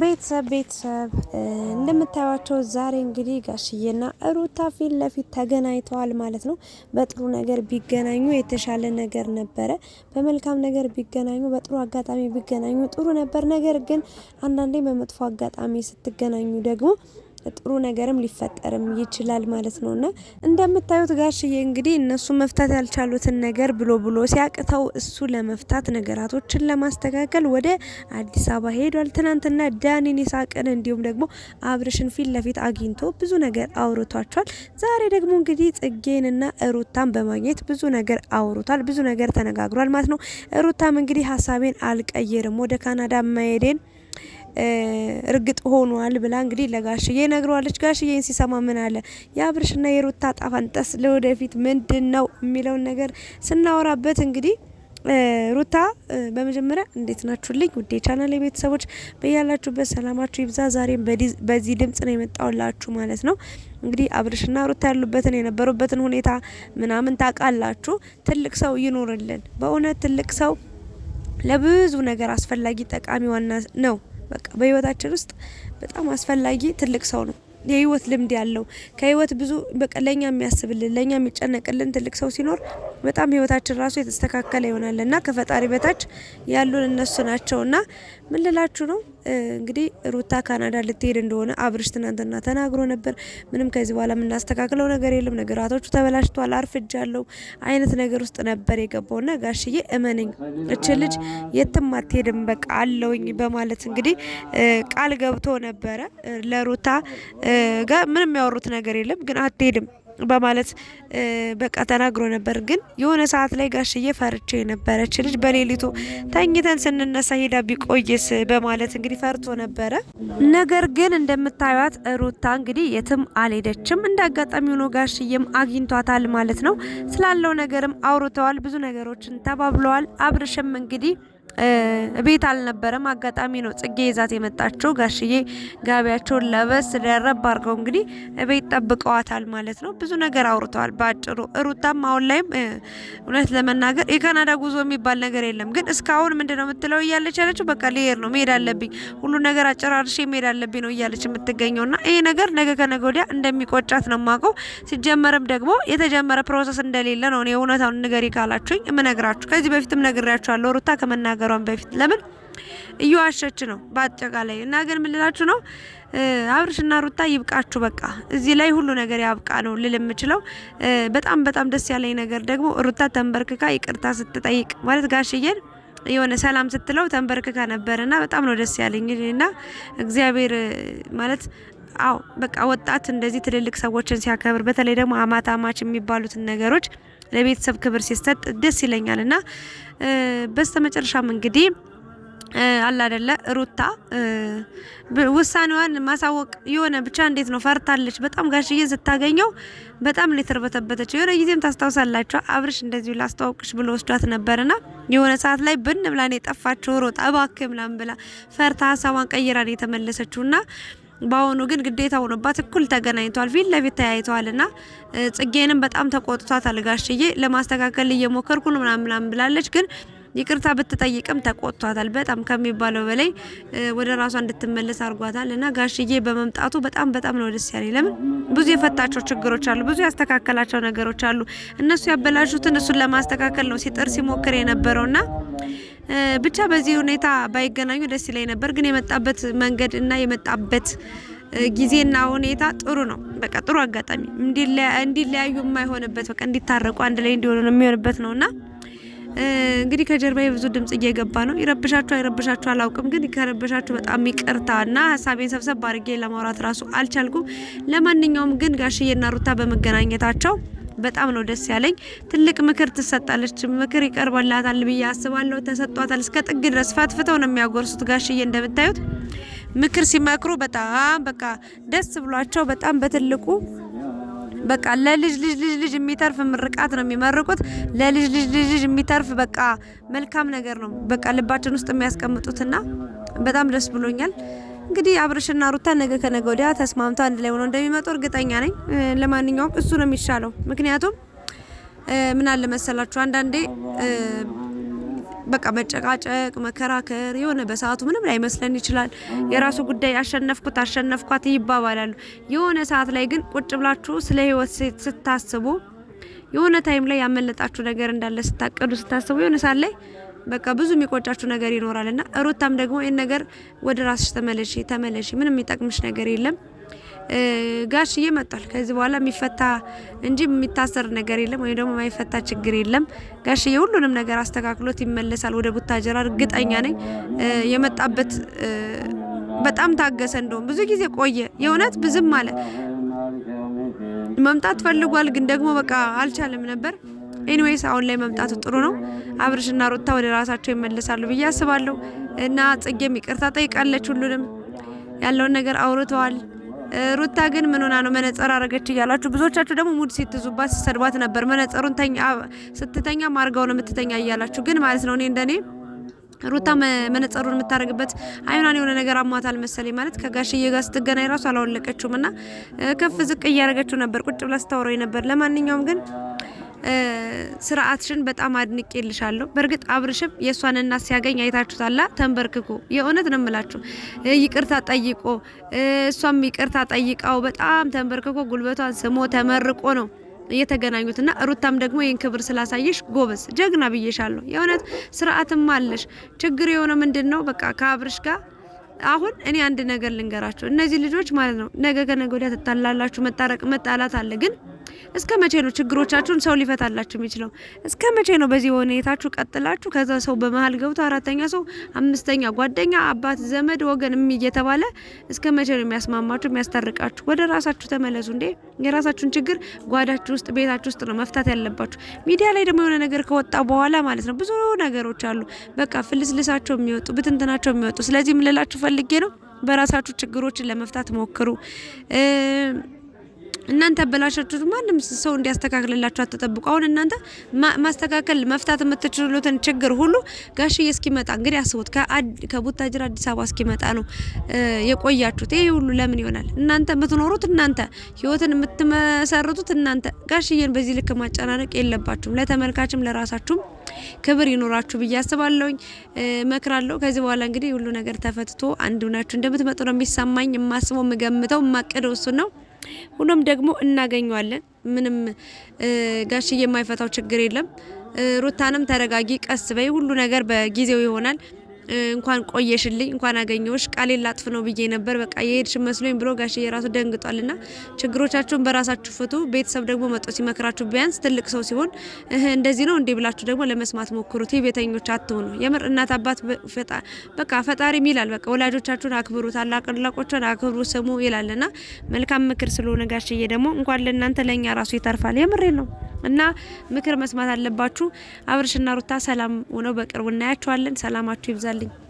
ቤተሰብ ቤተሰብ እንደምታዩቸው ዛሬ እንግዲህ ጋሽዬና ሩታ ፊት ለፊት ተገናኝተዋል ማለት ነው። በጥሩ ነገር ቢገናኙ የተሻለ ነገር ነበረ። በመልካም ነገር ቢገናኙ፣ በጥሩ አጋጣሚ ቢገናኙ ጥሩ ነበር። ነገር ግን አንዳንዴ በመጥፎ አጋጣሚ ስትገናኙ ደግሞ ጥሩ ነገርም ሊፈጠርም ይችላል ማለት ነው። እና እንደምታዩት ጋሽዬ እንግዲህ እነሱ መፍታት ያልቻሉትን ነገር ብሎ ብሎ ሲያቅተው እሱ ለመፍታት ነገራቶችን ለማስተካከል ወደ አዲስ አበባ ሄዷል። ትናንትና ዳኒን ይሳቅን እንዲሁም ደግሞ አብርሽን ፊት ለፊት አግኝቶ ብዙ ነገር አውርቷቸዋል። ዛሬ ደግሞ እንግዲህ ጽጌንና ሩታን በማግኘት ብዙ ነገር አውርቷል፣ ብዙ ነገር ተነጋግሯል ማለት ነው። ሩታም እንግዲህ ሀሳቤን አልቀየርም ወደ ካናዳ መሄዴን እርግጥ ሆኗል ብላ እንግዲህ ለጋሽዬ ነግሯለች ጋሽዬን ሲሰማ ምን አለ የአብርሽና የሩታ ጣፋንጠስ ለወደፊት ምንድን ነው የሚለውን ነገር ስናወራበት እንግዲህ ሩታ በመጀመሪያ እንዴት ናችሁልኝ? ውዴ ቻናል የቤተሰቦች በያላችሁበት ሰላማችሁ ይብዛ። ዛሬም በዚህ ድምጽ ነው የመጣውላችሁ ማለት ነው። እንግዲህ አብርሽና ሩታ ያሉበትን የነበሩበትን ሁኔታ ምናምን ታውቃላችሁ። ትልቅ ሰው ይኖርልን። በእውነት ትልቅ ሰው ለብዙ ነገር አስፈላጊ ጠቃሚ ዋና ነው። በቃ በህይወታችን ውስጥ በጣም አስፈላጊ ትልቅ ሰው ነው። የህይወት ልምድ ያለው ከህይወት ብዙ በቃ ለእኛ የሚያስብልን ለእኛ የሚጨነቅልን ትልቅ ሰው ሲኖር በጣም ህይወታችን ራሱ የተስተካከለ ይሆናል እና ከፈጣሪ በታች ያሉን እነሱ ናቸው ምን ልላችሁ ነው እንግዲህ ሩታ ካናዳ ልትሄድ እንደሆነ አብርሽ ትናንትና ተናግሮ ነበር። ምንም ከዚህ በኋላ የምናስተካክለው ነገር የለም፣ ነገራቶቹ ተበላሽቷል፣ አርፍጃለሁ አይነት ነገር ውስጥ ነበር የገባውና ጋሽዬ እመነኝ እች ልጅ የትም አትሄድም በቃ አለውኝ በማለት እንግዲህ ቃል ገብቶ ነበረ። ለሩታ ጋር ምንም ያወሩት ነገር የለም ግን አትሄድም በማለት በቃ ተናግሮ ነበር። ግን የሆነ ሰዓት ላይ ጋሽዬ ፈርቼ የነበረች ልጅ በሌሊቱ ተኝተን ስንነሳ ሄዳ ቢቆይስ በማለት እንግዲህ ፈርቶ ነበረ። ነገር ግን እንደምታዩት ሩታ እንግዲህ የትም አልሄደችም። እንደ አጋጣሚ ሆኖ ጋሽዬም አግኝቷታል ማለት ነው። ስላለው ነገርም አውርተዋል። ብዙ ነገሮችን ተባብለዋል። አብርሽም እንግዲህ ቤት አልነበረም። አጋጣሚ ነው ጽጌ ይዛት የመጣችው። ጋሽዬ ጋቢያቸውን ለበስ ደረብ አድርገው እንግዲህ ቤት ጠብቀዋታል ማለት ነው። ብዙ ነገር አውርተዋል በአጭሩ። ሩታም አሁን ላይም እውነት ለመናገር የካናዳ ጉዞ የሚባል ነገር የለም። ግን እስካሁን ምንድን ነው የምትለው እያለች ያለችው በቃ ልሄድ ነው መሄድ አለብኝ፣ ሁሉ ነገር አጨራርሼ መሄድ አለብኝ ነው እያለች የምትገኘው። ና ይሄ ነገር ነገ ከነገ ወዲያ እንደሚቆጫት ነው የማውቀው። ሲጀመርም ደግሞ የተጀመረ ፕሮሰስ እንደሌለ ነው እውነታውን ንገሪ ካላችሁኝ የምነግራችሁ። ከዚህ በፊትም ነግሬያችኋለሁ ሩታ ከመናገር ከመናገሯን በፊት ለምን እየዋሸች ነው። በአጠቃላይ እና ግን ምንላችሁ ነው አብርሽና ሩታ ይብቃችሁ፣ በቃ እዚህ ላይ ሁሉ ነገር ያብቃ ነው ልል የምችለው። በጣም በጣም ደስ ያለኝ ነገር ደግሞ ሩታ ተንበርክካ ይቅርታ ስትጠይቅ ማለት ጋሽዬን የሆነ ሰላም ስትለው ተንበርክካ እና በጣም ነው ደስ ያለኝ እና እግዚአብሔር ማለት አዎ በቃ ወጣት እንደዚህ ትልልቅ ሰዎችን ሲያከብር በተለይ ደግሞ አማት አማች የሚባሉትን ነገሮች ለቤተሰብ ክብር ሲሰጥ ደስ ይለኛል እና በስተመጨረሻም እንግዲህ አላ አይደለ ሩታ ውሳኔዋን ማሳወቅ የሆነ ብቻ እንዴት ነው ፈርታለች። በጣም ጋሽዬ ስታገኘው በጣም ሊተርበተበተችው የሆነ ጊዜም ታስታውሳላችሁ። አብርሽ እንደዚሁ ላስተዋውቅሽ ብሎ ወስዷት ነበርና የሆነ ሰዓት ላይ ብን ብላን ነው የጠፋችው። ሮጣ እባክህ ምናምን ብላ ፈርታ ሀሳቧን ቀይራን ነው ና በአሁኑ ግን ግዴታ ሆኖባት እኩል ተገናኝተዋል፣ ፊት ለፊት ተያይተዋል። ና ጽጌንም በጣም ተቆጥቷታል። ጋሽዬ ለማስተካከል እየሞከርኩ ነው ምናምናም ብላለች ግን ይቅርታ ብትጠይቅም ተቆጥቷታል። በጣም ከሚባለው በላይ ወደ ራሷ እንድትመለስ አድርጓታል። እና ጋሽዬ በመምጣቱ በጣም በጣም ነው ደስ ያለኝ። ለምን ብዙ የፈታቸው ችግሮች አሉ፣ ብዙ ያስተካከላቸው ነገሮች አሉ። እነሱ ያበላሹትን እሱን ለማስተካከል ነው ሲጥር ሲሞክር የነበረው ና ብቻ በዚህ ሁኔታ ባይገናኙ ደስ ይለኝ ነበር፣ ግን የመጣበት መንገድ እና የመጣበት ጊዜና ሁኔታ ጥሩ ነው። በቃ ጥሩ አጋጣሚ እንዲለያዩ የማይሆንበት በቃ እንዲታረቁ አንድ ላይ እንዲሆኑ ነው የሚሆንበት እና እንግዲህ ከጀርባ የብዙ ድምጽ እየገባ ነው። ይረብሻችሁ አይረብሻችሁ አላውቅም፣ ግን ከረብሻችሁ በጣም እና ሀሳቤን ሰብሰብ አድርጌ ለማውራት ራሱ አልቻልኩም። ለማንኛውም ግን ጋሽዬና ሩታ በመገናኘታቸው በጣም ነው ደስ ያለኝ። ትልቅ ምክር ትሰጣለች፣ ምክር ይቀርበላታል ብዬ አስባለሁ። ተሰጧታል እስከ ጥግ ድረስ ፈትፍተው ነው የሚያጎርሱት ጋሽዬ እንደምታዩት ምክር ሲመክሩ በጣም በቃ ደስ ብሏቸው በጣም በትልቁ በቃ ለልጅ ልጅ ልጅ ልጅ የሚተርፍ ምርቃት ነው የሚመርቁት። ለልጅ ልጅ ልጅ ልጅ የሚተርፍ በቃ መልካም ነገር ነው በቃ ልባችን ውስጥ የሚያስቀምጡትና በጣም ደስ ብሎኛል። እንግዲህ አብርሽና ሩታ ነገ ከነገ ወዲያ ተስማምተው አንድ ላይ ሆኖ እንደሚመጡ እርግጠኛ ነኝ። ለማንኛውም እሱ ነው የሚሻለው። ምክንያቱም ምን አለ መሰላችሁ አንዳንዴ በቃ መጨቃጨቅ፣ መከራከር የሆነ በሰዓቱ ምንም ላይ መስለን ይችላል። የራሱ ጉዳይ አሸነፍኩት፣ አሸነፍኳት ይባባላሉ። የሆነ ሰዓት ላይ ግን ቁጭ ብላችሁ ስለ ህይወት ስታስቡ የሆነ ታይም ላይ ያመለጣችሁ ነገር እንዳለ ስታቀዱ ስታስቡ የሆነ ሰዓት ላይ በቃ ብዙ የሚቆጫችሁ ነገር ይኖራል እና ሩታም ደግሞ ይህን ነገር ወደ ራስሽ ተመለሽ ተመለሽ፣ ምንም የሚጠቅምሽ ነገር የለም። ጋሽዬ መጥቷል። ከዚህ በኋላ የሚፈታ እንጂ የሚታሰር ነገር የለም፣ ወይም ደግሞ የማይፈታ ችግር የለም። ጋሽዬ ሁሉንም ነገር አስተካክሎት ይመለሳል ወደ ቡታጀራ እርግጠኛ ነኝ። የመጣበት በጣም ታገሰ፣ እንደውም ብዙ ጊዜ ቆየ። የእውነት ብዝም አለ። መምጣት ፈልጓል፣ ግን ደግሞ በቃ አልቻለም ነበር ኤኒዌይስ አሁን ላይ መምጣቱ ጥሩ ነው። አብርሽና ሩታ ወደ ራሳቸው ይመለሳሉ ብዬ አስባለሁ እና ጽጌም ይቅርታ ጠይቃለች። ሁሉንም ያለውን ነገር አውርተዋል። ሩታ ግን ምን ሆና ነው መነጽር አረገች እያላችሁ ብዙዎቻችሁ ደግሞ ሙድ ሲትዙባት ሲሰድባት ነበር። መነጽሩን ስትተኛ ማርጋው ነው የምትተኛ እያላችሁ ግን ማለት ነው እኔ እንደኔ ሩታ መነጸሩን የምታደርግበት አይኗን የሆነ ነገር አሟታል መሰለኝ። ማለት ከጋሽዬ ጋር ስትገናኝ ራሱ አላወለቀችውም እና ከፍ ዝቅ እያደረገችው ነበር። ቁጭ ብላ ስታወራኝ ነበር። ለማንኛውም ግን ስርዓትሽን በጣም አድንቄ ልሻለሁ። በእርግጥ አብርሽም የእሷን እናት ሲያገኝ አይታችሁታላ። ተንበርክኮ የእውነት ነው ምላችሁ፣ ይቅርታ ጠይቆ እሷም ይቅርታ ጠይቃው በጣም ተንበርክኮ ጉልበቷን ስሞ ተመርቆ ነው እየተገናኙትና ሩታም ደግሞ ይህን ክብር ስላሳየሽ ጎበዝ ጀግና ብዬሻለሁ። የእውነት ስርዓትም አለሽ። ችግር የሆነ ምንድን ነው በቃ ከአብርሽ ጋር አሁን እኔ አንድ ነገር ልንገራቸው። እነዚህ ልጆች ማለት ነው ነገ ከነገ ወዲያ ትታላላችሁ፣ መጣረቅ መጣላት አለ ግን እስከ መቼ ነው ችግሮቻችሁን ሰው ሊፈታላችሁ የሚችለው? እስከ መቼ ነው በዚህ ሁኔታችሁ ቀጥላችሁ? ከዛ ሰው በመሀል ገብቶ አራተኛ ሰው፣ አምስተኛ ጓደኛ፣ አባት፣ ዘመድ፣ ወገን እየተባለ እስከ መቼ ነው የሚያስማማችሁ የሚያስታርቃችሁ? ወደ ራሳችሁ ተመለሱ እንዴ! የራሳችሁን ችግር ጓዳችሁ ውስጥ ቤታችሁ ውስጥ ነው መፍታት ያለባችሁ። ሚዲያ ላይ ደግሞ የሆነ ነገር ከወጣ በኋላ ማለት ነው ብዙ ነገሮች አሉ። በቃ ፍልስልሳቸው የሚወጡ ብትንትናቸው የሚወጡ ስለዚህ ምልላችሁ ፈልጌ ነው በራሳችሁ ችግሮችን ለመፍታት ሞክሩ። እናንተ አበላሻችሁት። ማንም ሰው እንዲያስተካክልላችሁ አትጠብቁ። አሁን እናንተ ማስተካከል መፍታት የምትችሉትን ችግር ሁሉ ጋሽዬ እስኪመጣ እንግዲህ አስቡት፣ ከቡታጅራ አዲስ አበባ እስኪመጣ ነው የቆያችሁት። ይሄ ሁሉ ለምን ይሆናል? እናንተ የምትኖሩት እናንተ ህይወትን የምትመሰርቱት እናንተ። ጋሽዬን በዚህ ልክ ማጨናነቅ የለባችሁም። ለተመልካችም ለራሳችሁም ክብር ይኖራችሁ ብዬ አስባለሁኝ፣ መክራለሁ። ከዚህ በኋላ እንግዲህ ሁሉ ነገር ተፈትቶ አንድ ሁናችሁ እንደምትመጡ ነው የሚሰማኝ። የማስበው የምገምተው የማቅደው እሱን ነው። ሁሉም ደግሞ እናገኘዋለን። ምንም ጋሽዬ የማይፈታው ችግር የለም። ሩታንም ተረጋጊ፣ ቀስ በይ፣ ሁሉ ነገር በጊዜው ይሆናል። እንኳን ቆየሽልኝ፣ እንኳን አገኘሁሽ፣ ቃሌን ላጥፍ ነው ብዬ ነበር፣ በቃ የሄድሽ መስሎኝ ብሎ ጋሽዬ ራሱ ደንግጧልና ችግሮቻችሁን በራሳችሁ ፍቱ። ቤተሰብ ደግሞ መጦ ሲመክራችሁ ቢያንስ ትልቅ ሰው ሲሆን እንደዚህ ነው እንዲህ ብላችሁ ደግሞ ለመስማት ሞክሩት። ቤተኞች አትሆኑ። የምር እናት አባት በቃ ፈጣሪም ይላል በቃ ወላጆቻችሁን አክብሩ፣ ታላቅላቆችን አክብሩ ስሙ ና መልካም ምክር ስለሆነ ጋሽዬ ደግሞ እንኳን ለእናንተ ለእኛ ራሱ ይተርፋል። የምሬ ነው እና ምክር መስማት አለባችሁ። አብርሽና ሩታ ሰላም ሆነው በቅርቡ እናያቸዋለን። ሰላማችሁ ይብዛል። darling.